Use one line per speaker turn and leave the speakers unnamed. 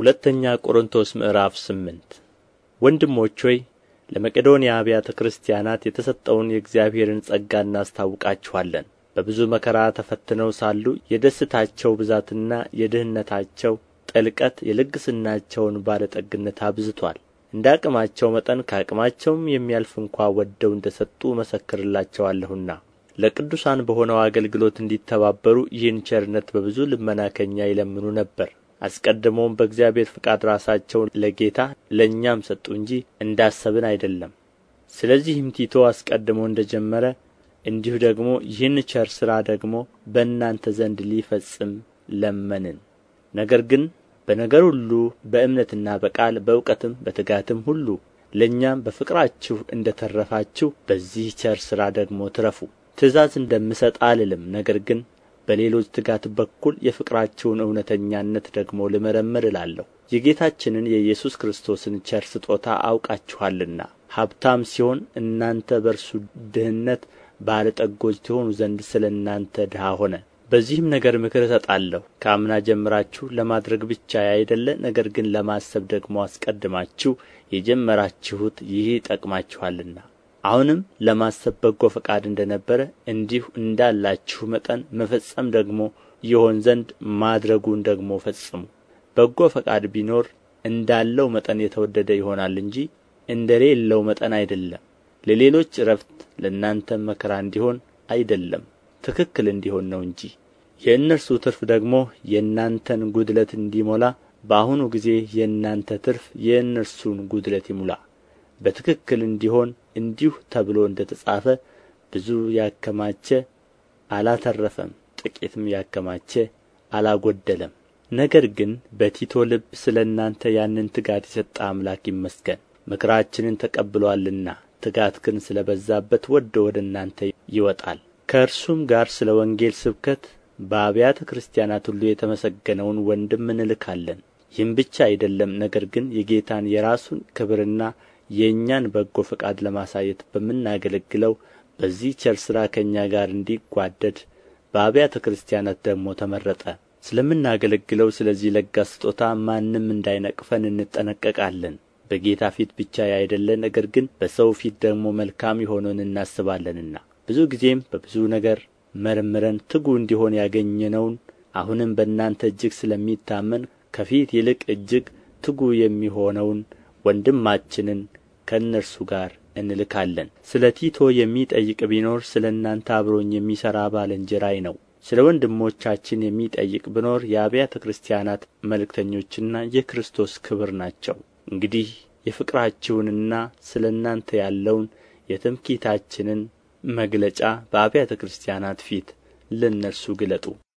ሁለተኛ ቆሮንቶስ ምዕራፍ ስምንት ወንድሞች ሆይ ለመቄዶንያ አብያተ ክርስቲያናት የተሰጠውን የእግዚአብሔርን ጸጋ እናስታውቃችኋለን በብዙ መከራ ተፈትነው ሳሉ የደስታቸው ብዛትና የድህነታቸው ጥልቀት የልግስናቸውን ባለጠግነት አብዝቷል። እንደ አቅማቸው መጠን ከአቅማቸውም የሚያልፍ እንኳ ወደው እንደ ሰጡ መሰክርላቸዋለሁና ለቅዱሳን በሆነው አገልግሎት እንዲተባበሩ ይህን ቸርነት በብዙ ልመና ይለምኑ ነበር። አስቀድሞም በእግዚአብሔር ፍቃድ ራሳቸውን ለጌታ ለእኛም ሰጡ እንጂ እንዳሰብን አይደለም ስለዚህም ቲቶ አስቀድሞ እንደ ጀመረ እንዲሁ ደግሞ ይህን ቸር ሥራ ደግሞ በእናንተ ዘንድ ሊፈጽም ለመንን ነገር ግን በነገር ሁሉ በእምነትና በቃል በእውቀትም በትጋትም ሁሉ ለእኛም በፍቅራችሁ እንደ ተረፋችሁ በዚህ ቸር ሥራ ደግሞ ትረፉ ትእዛዝ እንደምሰጥ አልልም ነገር ግን በሌሎች ትጋት በኩል የፍቅራችሁን እውነተኛነት ደግሞ ልመረምር እላለሁ የጌታችንን የኢየሱስ ክርስቶስን ቸር ስጦታ አውቃችኋልና ሀብታም ሲሆን እናንተ በእርሱ ድህነት ባለ ጠጎች ትሆኑ ዘንድ ስለ እናንተ ድሃ ሆነ በዚህም ነገር ምክር እሰጣለሁ ከአምና ጀምራችሁ ለማድረግ ብቻ ያይደለ ነገር ግን ለማሰብ ደግሞ አስቀድማችሁ የጀመራችሁት ይህ ይጠቅማችኋልና አሁንም ለማሰብ በጎ ፈቃድ እንደ ነበረ እንዲሁ እንዳላችሁ መጠን መፈጸም ደግሞ ይሆን ዘንድ ማድረጉን ደግሞ ፈጽሙ በጎ ፈቃድ ቢኖር እንዳለው መጠን የተወደደ ይሆናል እንጂ እንደሌለው መጠን አይደለም ለሌሎች እረፍት ለእናንተም መከራ እንዲሆን አይደለም ትክክል እንዲሆን ነው እንጂ የእነርሱ ትርፍ ደግሞ የእናንተን ጉድለት እንዲሞላ በአሁኑ ጊዜ የእናንተ ትርፍ የእነርሱን ጉድለት ይሙላ በትክክል እንዲሆን እንዲሁ ተብሎ እንደ ተጻፈ ብዙ ያከማቸ አላተረፈም ጥቂትም ያከማቸ አላጎደለም ነገር ግን በቲቶ ልብ ስለ እናንተ ያንን ትጋት የሰጠ አምላክ ይመስገን ምክራችንን ተቀብሎአልና ትጋት ግን ስለ በዛበት ወዶ ወደ እናንተ ይወጣል ከእርሱም ጋር ስለ ወንጌል ስብከት በአብያተ ክርስቲያናት ሁሉ የተመሰገነውን ወንድም እንልካለን ይህም ብቻ አይደለም ነገር ግን የጌታን የራሱን ክብርና የእኛን በጎ ፈቃድ ለማሳየት በምናገለግለው በዚህ ቸር ሥራ ከእኛ ጋር እንዲጓደድ በአብያተ ክርስቲያናት ደግሞ ተመረጠ ስለምናገለግለው ስለዚህ ለጋ ስጦታ ማንም እንዳይነቅፈን እንጠነቀቃለን በጌታ ፊት ብቻ ያይደለ ነገር ግን በሰው ፊት ደግሞ መልካም የሆነውን እናስባለንና ብዙ ጊዜም በብዙ ነገር መርምረን ትጉ እንዲሆን ያገኘነውን አሁንም በእናንተ እጅግ ስለሚታመን ከፊት ይልቅ እጅግ ትጉ የሚሆነውን ወንድማችንን ከእነርሱ ጋር እንልካለን ስለ ቲቶ የሚጠይቅ ቢኖር ስለ እናንተ አብሮኝ የሚሠራ ባልንጀራይ ነው ስለ ወንድሞቻችን የሚጠይቅ ቢኖር የአብያተ ክርስቲያናት መልእክተኞችና የክርስቶስ ክብር ናቸው እንግዲህ የፍቅራችሁንና ስለ እናንተ ያለውን የትምኪታችንን መግለጫ በአብያተ ክርስቲያናት ፊት ለእነርሱ ግለጡ